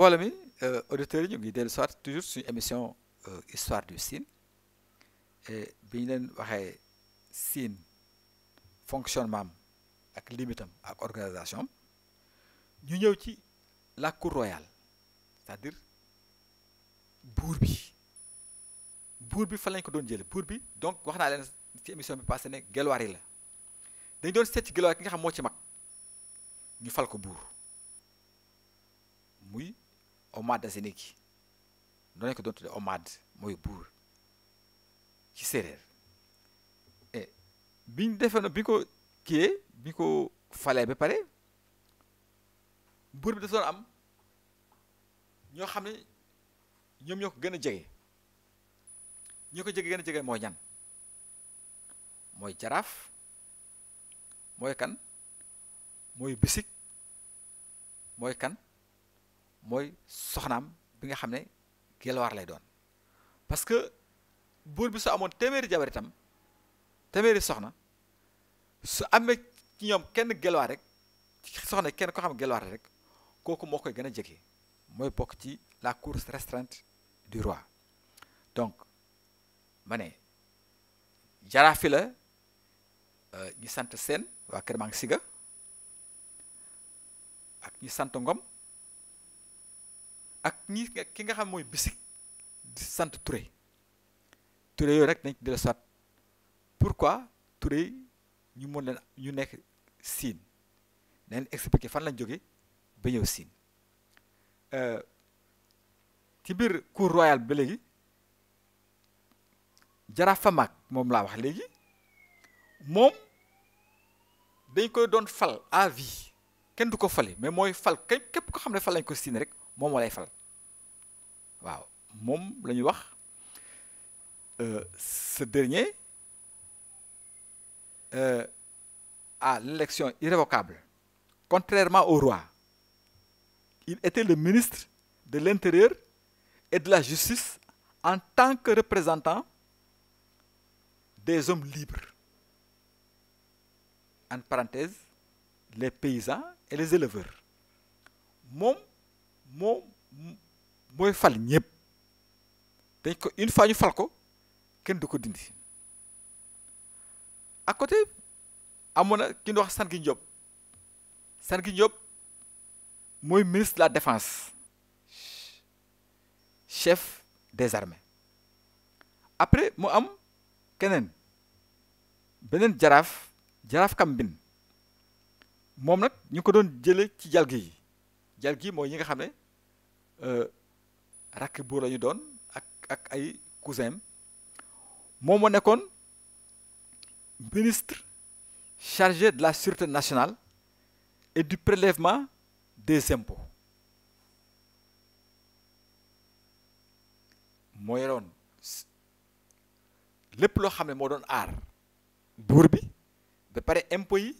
mboole mi euh, auditeurs ñu ngi dellu soit toujours sur émission euh, histoire du Sine et ñu leen waxee Sine fonctionnement ak limitam ak organisation ñu ñëw ci la cour royale c'est-à-dire buur bi buur bi fan lañ ko doon jël buur bi donc wax naa leen ci émission bi passé né gelwaar la dañ doon sét ci gelwaar ki nga xam mo ci mag ñu fal ko bour Omad Aseneki noonu lañ ko doon tuddee Omad mooy buur ci séeréer et eh, biñ defee bi ko kiyee bi ko falee ba pare buur bi dafa doon am ñoo xam ne ñoom ñoo ko gën a jege ñoo ko jege gën a jege mooy ñan mooy jaraaf mooy kan mooy bisik mooy kan mooy soxnaam bi nga xam ne gelwaar lay doon parce que buur bi su amoon téeméeri jabar itam téeméeri soxna su amee ci ñoom kenn gelwaar rek soxna kenn ko xam gelwaar rek kooku moo koy gën a jege mooy bokk ci la cour restreinte du roi donc ma ne jaraafi la euh, ñu sant seen waa kër maa ngi siga ak ñu sant ngom ak ñi ki nga xam mooy bisik sant Touré Touré yooyu rek dañ ci dellusiwaat pourquoi Touré ñu mën leen ñu nekk Sine dañ leen fan lañ jóge ba ñëw Sine euh, ci biir cour royale ba léegi jaraaf Famaak moom laa wax léegi moom dañ koy doon fal à vie kenn du ko fale mais mooy fal képp ko xam ne fal lañ ko Sine rek. ce dernier a euh, à l'élection irrévocable contrairement au roi il était le ministre de l'intérieur et de la justice en tant que représentant des hommes libres En parenthèse, les paysans et les éleveurs moom mooy fal ñëpp dañ ko une fois ñu fal ko kenn du ko dindi à côté amona ki ñu wax Sanki ñop Sanki ñop moy ministre de la défense chef des armées après mo am keneen beneen jaraf jaraaf Kambin mom nak ñu ko doon jël ci jalgi yi jal gi mooy ñi nga xam euh rak buur lañu doon ak ak ay cousin momo moo ministre chargé de la sûreté nationale et du prélèvement des impôts moo yoroon lépp loo xam ne doon Ar buur bi ba pare impôts yi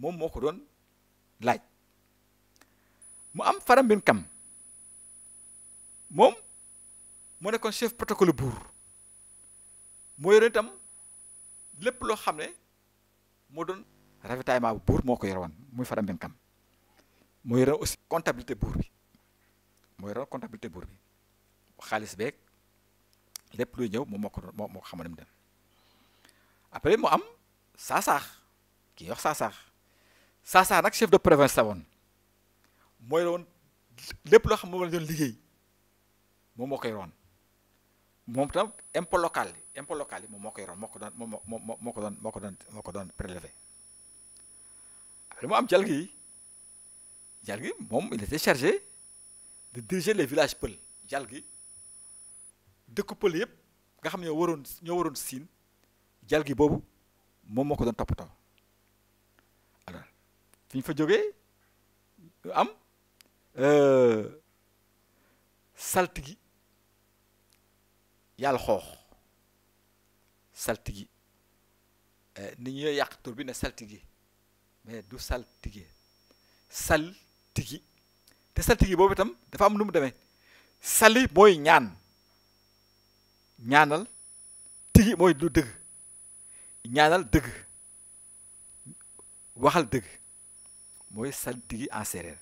mom moko doon laaj mu am Fara Mbin Kam moom moo nekkoon chef protocole buur moo yore itam lépp loo xam ne moo doon ravitaillement bu buur moo ko yore woon muy Fara Mbin Kam moo yore aussi comptabilité buur bi moo yore comptabilité buur bi xaalis beeg lépp luy ñëw moom moo ko moo moo ko xamoon mu dem après mu am saasaax kii wax saasaax saasaax nag chef de province la woon mooy doon lépp loo xam mo la doon liggéey moom moo koy roon moom tam impôt local yi local mom moom moo koy roon moo ko doon moo moo moo ko doon moo ko am jalg yi mom il était chargé de diriger les villages peul jalg de dëkku pël yëpp nga xam ne ñoo waroon ñoo waroon siin jalg yi boobu moom moo ko doon alors fi fa joggé am Euh, saltigi yàlla xoox saltigi euh, ni ñuy yàq tur bi ne saltigi mais du sal saltigi te saltigi boobu itam dafa am nu mu demee sali mooy ñaan ñaanal tigi mooy lu dëgg ñaanal dëgg waxal dëgg mooy saltigi en séeréer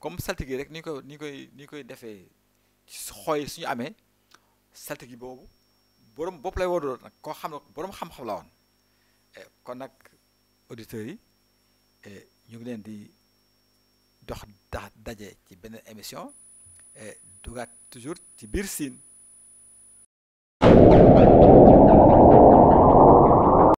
comme saltige rek ni ko ni koy ni koy defee ci xooy suñu amee gi boobu borom bopp lay woodoon nag koo xam ne borom xam-xam la woon eh, kon nag auditeurs yi eh, ñu ngi leen di dox daje ci benn émission eh, dugaat toujours ci biir siin